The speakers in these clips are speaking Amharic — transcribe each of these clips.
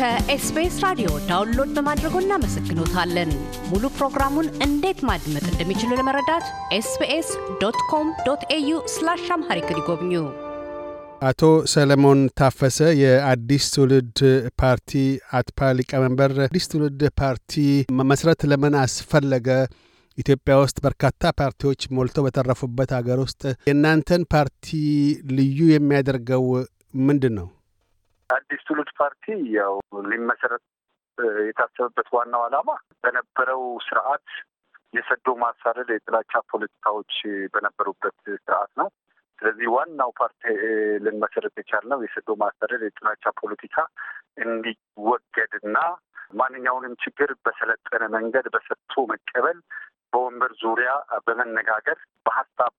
ከኤስቢኤስ ራዲዮ ዳውንሎድ በማድረጎ እናመሰግኖታለን። ሙሉ ፕሮግራሙን እንዴት ማድመጥ እንደሚችሉ ለመረዳት ኤስቢኤስ ዶት ኮም ዶት ኤዩ ስላሽ አምሃሪክ ይጎብኙ። አቶ ሰለሞን ታፈሰ የአዲስ ትውልድ ፓርቲ አትፓ ሊቀመንበር፣ አዲስ ትውልድ ፓርቲ መመስረት ለምን አስፈለገ? ኢትዮጵያ ውስጥ በርካታ ፓርቲዎች ሞልተው በተረፉበት ሀገር ውስጥ የእናንተን ፓርቲ ልዩ የሚያደርገው ምንድን ነው? አዲስ ትውልድ ፓርቲ ያው ሊመሰረት የታሰበበት ዋናው ዓላማ በነበረው ስርዓት የሰዶ ማሳደድ የጥላቻ ፖለቲካዎች በነበሩበት ስርዓት ነው። ስለዚህ ዋናው ፓርቲ ልንመሰረት የቻልነው የሰዶ ማሳደድ የጥላቻ ፖለቲካ እንዲወገድና ማንኛውንም ችግር በሰለጠነ መንገድ በሰጥቶ መቀበል፣ በወንበር ዙሪያ በመነጋገር በሀሳብ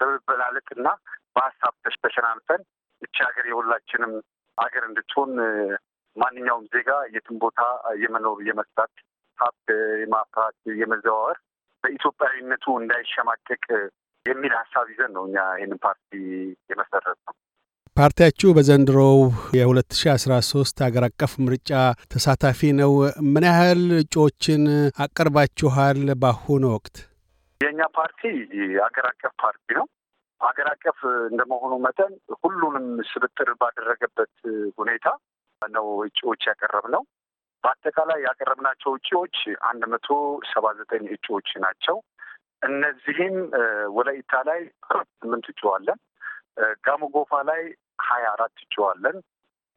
በመበላለጥና በሀሳብ ተሸናንፈን እቺ ሀገር የሁላችንም ሀገር እንድትሆን ማንኛውም ዜጋ የትም ቦታ የመኖር የመስራት፣ ሀብት የማፍራት፣ የመዘዋወር በኢትዮጵያዊነቱ እንዳይሸማቀቅ የሚል ሀሳብ ይዘን ነው እኛ ይህንን ፓርቲ የመሰረት ነው። ፓርቲያችሁ በዘንድሮው የ2013 ሀገር አቀፍ ምርጫ ተሳታፊ ነው። ምን ያህል እጩዎችን አቀርባችኋል? በአሁኑ ወቅት የእኛ ፓርቲ ሀገር አቀፍ ፓርቲ ነው። ሀገር አቀፍ እንደመሆኑ መጠን ሁሉንም ስብጥር ባደረገበት ሁኔታ ነው እጩዎች ያቀረብ ነው። በአጠቃላይ ያቀረብናቸው እጩዎች አንድ መቶ ሰባ ዘጠኝ እጩዎች ናቸው። እነዚህም ወለይታ ላይ ስምንት እጩ አለን። ጋሞ ጎፋ ላይ ሀያ አራት እጩ አለን።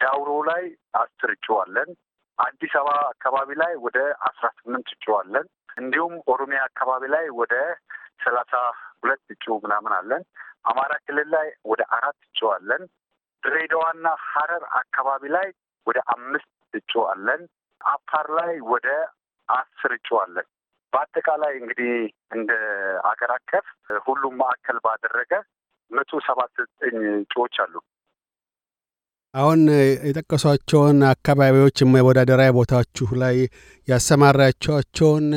ዳውሮ ላይ አስር እጩ አለን። አዲስ አበባ አካባቢ ላይ ወደ አስራ ስምንት እጩ አለን። እንዲሁም ኦሮሚያ አካባቢ ላይ ወደ ሰላሳ ሁለት እጩ ምናምን አለን። አማራ ክልል ላይ ወደ አራት እጩ አለን። ድሬዳዋና ሀረር አካባቢ ላይ ወደ አምስት እጩ አለን። አፋር ላይ ወደ አስር እጩ አለን። በአጠቃላይ እንግዲህ እንደ አገር አቀፍ ሁሉም ማዕከል ባደረገ መቶ ሰባት ዘጠኝ እጩዎች አሉ። አሁን የጠቀሷቸውን አካባቢዎች የመወዳደሪያ ቦታችሁ ላይ ያሰማራቸዋቸውን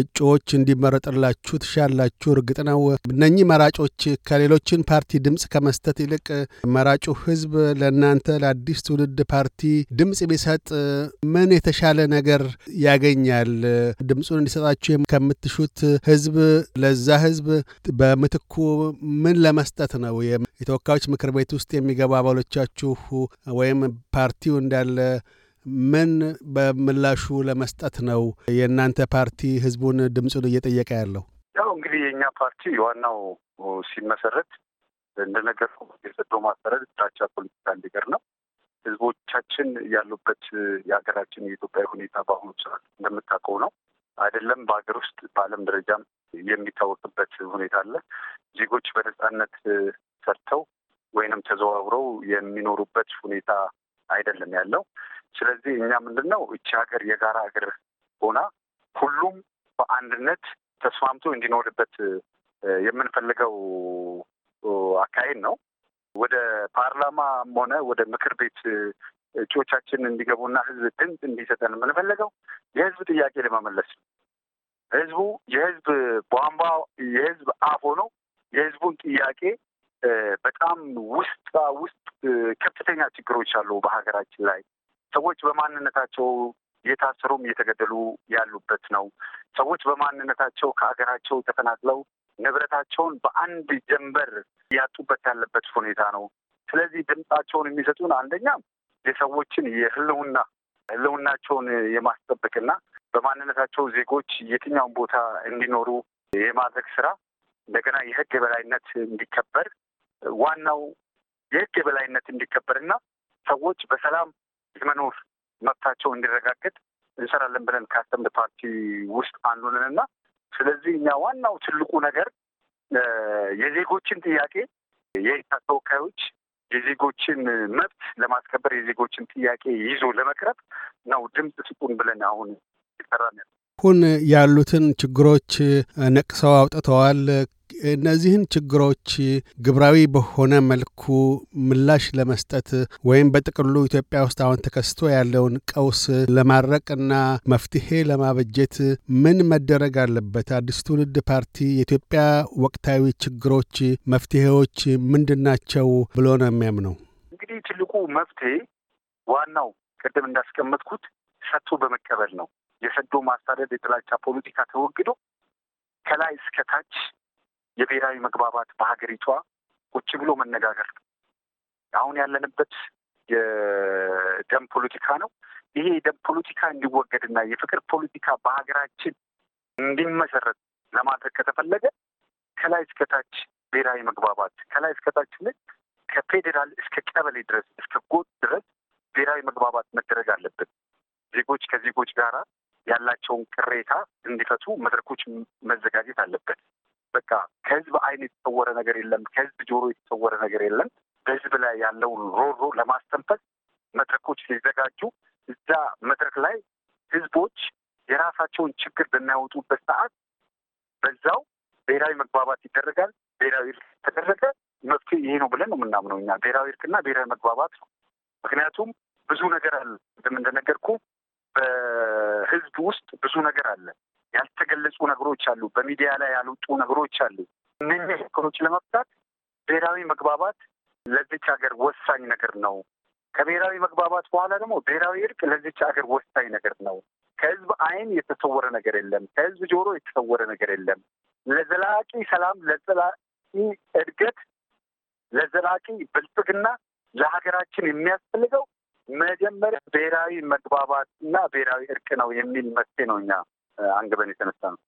እጩዎች እንዲመረጥላችሁ ትሻላችሁ። እርግጥ ነው እነኚህ መራጮች ከሌሎችን ፓርቲ ድምፅ ከመስጠት ይልቅ መራጩ ሕዝብ ለእናንተ ለአዲስ ትውልድ ፓርቲ ድምፅ ቢሰጥ ምን የተሻለ ነገር ያገኛል? ድምፁን እንዲሰጣችሁ ከምትሹት ሕዝብ ለዛ ሕዝብ በምትኩ ምን ለመስጠት ነው? የተወካዮች ምክር ቤት ውስጥ የሚገቡ አባሎቻችሁ ወይም ፓርቲው እንዳለ ምን በምላሹ ለመስጠት ነው የእናንተ ፓርቲ ህዝቡን ድምፁን እየጠየቀ ያለው? ያው እንግዲህ የእኛ ፓርቲ ዋናው ሲመሰረት እንደነገርኩ የሰዶ ማሰረት ዳቻ ፖለቲካ እንዲቀር ነው። ህዝቦቻችን ያሉበት የሀገራችን የኢትዮጵያ ሁኔታ በአሁኑ ሰዓት እንደምታውቀው ነው አይደለም። በሀገር ውስጥ በዓለም ደረጃም የሚታወቅበት ሁኔታ አለ። ዜጎች በነጻነት ሰርተው ወይንም ተዘዋውረው የሚኖሩበት ሁኔታ አይደለም ያለው። ስለዚህ እኛ ምንድን ነው እቺ ሀገር የጋራ ሀገር ሆና ሁሉም በአንድነት ተስማምቶ እንዲኖርበት የምንፈልገው አካሄድ ነው። ወደ ፓርላማም ሆነ ወደ ምክር ቤት እጩዎቻችን እንዲገቡና ህዝብ ድምፅ እንዲሰጠን የምንፈልገው የህዝብ ጥያቄ ለመመለስ ነው። ህዝቡ የህዝብ ቧንቧ የህዝብ አፍ ሆኖ የህዝቡን ጥያቄ በጣም ውስጣ ውስጥ ከፍተኛ ችግሮች አሉ በሀገራችን ላይ ሰዎች በማንነታቸው እየታሰሩም እየተገደሉ ያሉበት ነው። ሰዎች በማንነታቸው ከሀገራቸው ተፈናቅለው ንብረታቸውን በአንድ ጀንበር ያጡበት ያለበት ሁኔታ ነው። ስለዚህ ድምጻቸውን የሚሰጡን አንደኛ የሰዎችን የህልውና ህልውናቸውን የማስጠበቅና በማንነታቸው ዜጎች የትኛውን ቦታ እንዲኖሩ የማድረግ ስራ እንደገና የህግ የበላይነት እንዲከበር ዋናው የህግ የበላይነት እንዲከበርና ሰዎች በሰላም የመኖር መብታቸው እንዲረጋገጥ እንሰራለን ብለን ካሰብን ፓርቲ ውስጥ አንዱ ነንና ስለዚህ እኛ ዋናው ትልቁ ነገር የዜጎችን ጥያቄ የህግ ተወካዮች የዜጎችን መብት ለማስከበር የዜጎችን ጥያቄ ይዞ ለመቅረብ ነው ድምፅ ስጡን ብለን አሁን ይጠራል። አሁን ያሉትን ችግሮች ነቅሰው አውጥተዋል። እነዚህን ችግሮች ግብራዊ በሆነ መልኩ ምላሽ ለመስጠት ወይም በጥቅሉ ኢትዮጵያ ውስጥ አሁን ተከስቶ ያለውን ቀውስ ለማድረቅና መፍትሄ ለማበጀት ምን መደረግ አለበት? አዲስ ትውልድ ፓርቲ የኢትዮጵያ ወቅታዊ ችግሮች መፍትሄዎች ምንድን ናቸው ብሎ ነው የሚያምነው? እንግዲህ ትልቁ መፍትሄ ዋናው ቅድም እንዳስቀመጥኩት ሰጥቶ በመቀበል ነው። የሰዶ ማሳደድ የጥላቻ ፖለቲካ ተወግዶ ከላይ እስከ ታች የብሔራዊ መግባባት በሀገሪቷ ቁጭ ብሎ መነጋገር አሁን ያለንበት የደም ፖለቲካ ነው። ይሄ የደም ፖለቲካ እንዲወገድና የፍቅር ፖለቲካ በሀገራችን እንዲመሰረት ለማድረግ ከተፈለገ ከላይ እስከታች ብሔራዊ መግባባት ከላይ እስከታች ል ከፌዴራል እስከ ቀበሌ ድረስ እስከ ጎጥ ድረስ ብሔራዊ መግባባት መደረግ አለበት። ዜጎች ከዜጎች ጋራ ያላቸውን ቅሬታ እንዲፈቱ መድረኮች መዘጋጀት አለበት። በቃ ከህዝብ አይን የተሰወረ ነገር የለም፣ ከህዝብ ጆሮ የተሰወረ ነገር የለም። በህዝብ ላይ ያለውን ሮሮ ለማስተንፈስ መድረኮች ሲዘጋጁ እዛ መድረክ ላይ ህዝቦች የራሳቸውን ችግር በሚያወጡበት ሰዓት በዛው ብሔራዊ መግባባት ይደረጋል። ብሔራዊ እርቅ ተደረገ፣ መፍትሄ ይሄ ነው ብለን ነው የምናምነው እኛ። ብሔራዊ እርቅና ብሔራዊ መግባባት ነው። ምክንያቱም ብዙ ነገር አለ፣ እንደም እንደነገርኩ በህዝብ ውስጥ ብዙ ነገር አለ። ያልተገለጹ ነገሮች አሉ፣ በሚዲያ ላይ ያልወጡ ነገሮች አሉ። እነኚህ ችግሮች ለመፍታት ብሔራዊ መግባባት ለዚች ሀገር ወሳኝ ነገር ነው። ከብሔራዊ መግባባት በኋላ ደግሞ ብሔራዊ እርቅ ለዚች ሀገር ወሳኝ ነገር ነው። ከህዝብ አይን የተሰወረ ነገር የለም። ከህዝብ ጆሮ የተሰወረ ነገር የለም። ለዘላቂ ሰላም፣ ለዘላቂ እድገት፣ ለዘላቂ ብልጽግና ለሀገራችን የሚያስፈልገው መጀመሪያ ብሔራዊ መግባባትና ብሔራዊ እርቅ ነው የሚል መስቴ ነው እኛ አንግበን የተነሳ ነው።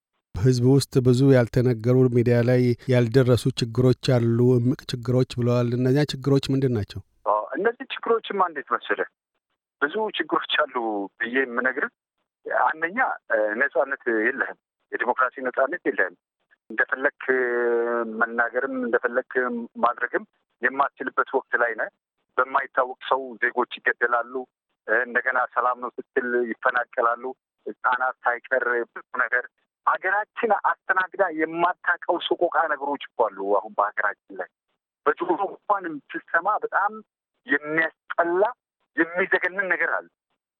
ህዝብ ውስጥ ብዙ ያልተነገሩ ሚዲያ ላይ ያልደረሱ ችግሮች አሉ፣ እምቅ ችግሮች ብለዋል። እነዚያ ችግሮች ምንድን ናቸው? እነዚህ ችግሮችማ እንዴት መሰለህ ብዙ ችግሮች አሉ ብዬ የምነግርህ አንደኛ ነጻነት የለህም፣ የዲሞክራሲ ነጻነት የለህም። እንደፈለክ መናገርም እንደፈለክ ማድረግም የማትችልበት ወቅት ላይ ነህ። በማይታወቅ ሰው ዜጎች ይገደላሉ። እንደገና ሰላም ነው ስትል ይፈናቀላሉ። ህጻናት ሳይቀር ነገር ሀገራችን አስተናግዳ የማታውቀው ሰቆቃ ነገሮች እኮ አሉ። አሁን በሀገራችን ላይ በጆሮ እንኳን የምትሰማ በጣም የሚያስጠላ የሚዘገንን ነገር አለ።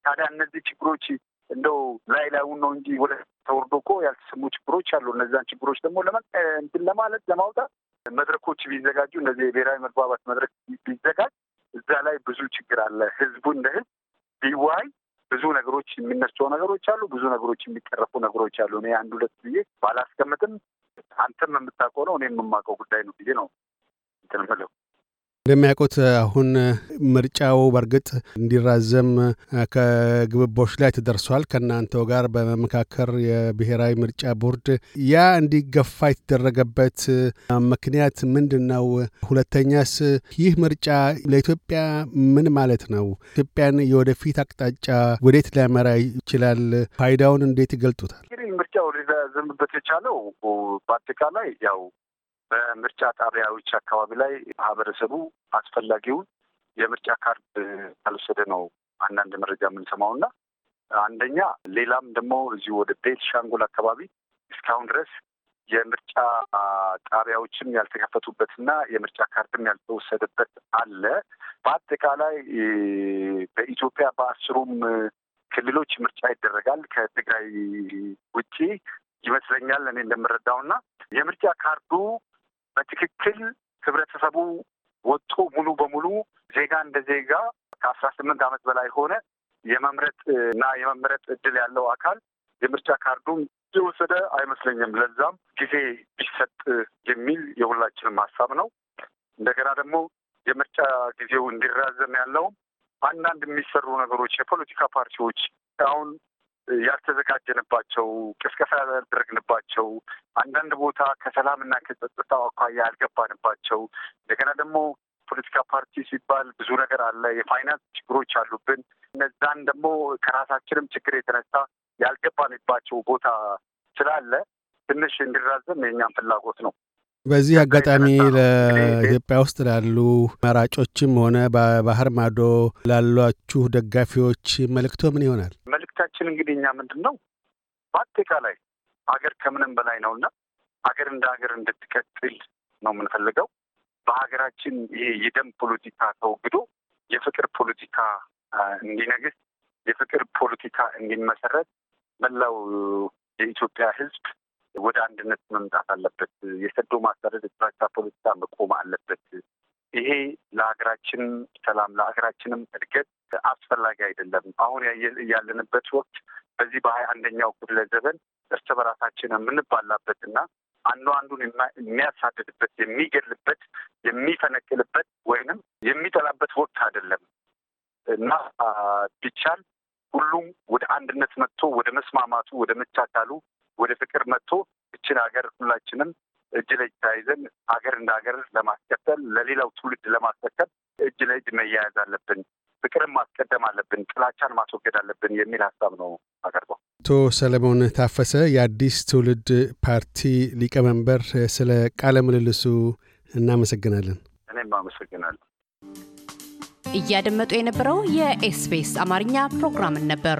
ታዲያ እነዚህ ችግሮች እንደው ላይ ላዩን ነው እንጂ ወደ ተወርዶ እኮ ያልተሰሙ ችግሮች አሉ። እነዛን ችግሮች ደግሞ እንትን ለማለት ለማውጣት መድረኮች ቢዘጋጁ፣ እነዚህ የብሔራዊ መግባባት መድረክ ቢዘጋጅ እዛ ላይ ብዙ ችግር አለ። ህዝቡ እንደ ህዝብ ቢዋይ ብዙ ነገሮች የሚነሱ ነገሮች አሉ፣ ብዙ ነገሮች የሚቀረፉ ነገሮች አሉ። እኔ አንድ ሁለት ብዬ ባላስቀምጥም አንተም የምታውቀው ነው እኔም የማውቀው ጉዳይ ነው ብዬ ነው እንትን የምለው። እንደሚያውቁት አሁን ምርጫው በእርግጥ እንዲራዘም ከግብቦች ላይ ተደርሷል። ከእናንተው ጋር በመመካከር የብሔራዊ ምርጫ ቦርድ ያ እንዲገፋ የተደረገበት ምክንያት ምንድን ነው? ሁለተኛስ ይህ ምርጫ ለኢትዮጵያ ምን ማለት ነው? ኢትዮጵያን የወደፊት አቅጣጫ ወዴት ሊያመራ ይችላል? ፋይዳውን እንዴት ይገልጡታል? ምርጫው ሊራዘምበት የቻለው በአጠቃላይ ያው በምርጫ ጣቢያዎች አካባቢ ላይ ማህበረሰቡ አስፈላጊውን የምርጫ ካርድ ያልወሰደ ነው አንዳንድ መረጃ የምንሰማው እና አንደኛ ሌላም ደግሞ እዚሁ ወደ ሻንጉል አካባቢ እስካሁን ድረስ የምርጫ ጣቢያዎችም ያልተከፈቱበትና የምርጫ ካርድም ያልተወሰደበት አለ። በአጠቃላይ በኢትዮጵያ በአስሩም ክልሎች ምርጫ ይደረጋል ከትግራይ ውጪ ይመስለኛል እኔ እንደምረዳውና የምርጫ ካርዱ በትክክል ህብረተሰቡ ወጡ ሙሉ በሙሉ ዜጋ እንደ ዜጋ ከአስራ ስምንት ዓመት በላይ ሆነ የመምረጥ እና የመምረጥ እድል ያለው አካል የምርጫ ካርዱም የወሰደ አይመስለኝም። ለዛም ጊዜ ቢሰጥ የሚል የሁላችንም ሀሳብ ነው። እንደገና ደግሞ የምርጫ ጊዜው እንዲራዘም ያለውም አንዳንድ የሚሰሩ ነገሮች የፖለቲካ ፓርቲዎች አሁን ያልተዘጋጀንባቸው ቅስቀሳ ያላደረግንባቸው አንዳንድ ቦታ ከሰላምና ከጸጥታው አኳያ ያልገባንባቸው እንደገና ደግሞ ፖለቲካ ፓርቲ ሲባል ብዙ ነገር አለ። የፋይናንስ ችግሮች አሉብን። እነዛን ደግሞ ከራሳችንም ችግር የተነሳ ያልገባንባቸው ቦታ ስላለ ትንሽ እንዲራዘም የእኛም ፍላጎት ነው። በዚህ አጋጣሚ ለኢትዮጵያ ውስጥ ላሉ መራጮችም ሆነ በባህር ማዶ ላሏችሁ ደጋፊዎች መልእክቶ ምን ይሆናል? ሀሳባችን እንግዲህ እኛ ምንድን ነው በአጠቃላይ ሀገር ከምንም በላይ ነው እና ሀገር እንደ ሀገር እንድትቀጥል ነው የምንፈልገው። በሀገራችን ይሄ የደም ፖለቲካ ተወግዶ የፍቅር ፖለቲካ እንዲነግስ፣ የፍቅር ፖለቲካ እንዲመሰረት መላው የኢትዮጵያ ሕዝብ ወደ አንድነት መምጣት አለበት። የሰዶ ማሳደድ የጥላቻ ፖለቲካ መቆም አለበት። ይሄ ለሀገራችን ሰላም ለሀገራችንም እድገት አስፈላጊ አይደለም። አሁን ያለንበት ወቅት በዚህ በሀያ አንደኛው ክፍለ ዘመን እርስ በራሳችን የምንባላበትና አንዱ አንዱን የሚያሳድድበት፣ የሚገልበት፣ የሚፈነቅልበት ወይንም የሚጠላበት ወቅት አይደለም እና ቢቻል ሁሉም ወደ አንድነት መጥቶ ወደ መስማማቱ፣ ወደ መቻቻሉ፣ ወደ ፍቅር መጥቶ እችን ሀገር ሁላችንም እጅ ለእጅ ተያይዘን ሀገር እንደ ሀገር ለማስቀጠል ለሌላው ትውልድ ለማስረከብ እጅ ለእጅ መያያዝ አለብን። ፍቅርን ማስቀደም አለብን፣ ጥላቻን ማስወገድ አለብን የሚል ሀሳብ ነው አቀርበው። አቶ ሰለሞን ታፈሰ የአዲስ ትውልድ ፓርቲ ሊቀመንበር፣ ስለ ቃለ ምልልሱ እናመሰግናለን። እኔም አመሰግናለሁ። እያደመጡ የነበረው የኤስቢኤስ አማርኛ ፕሮግራምን ነበር።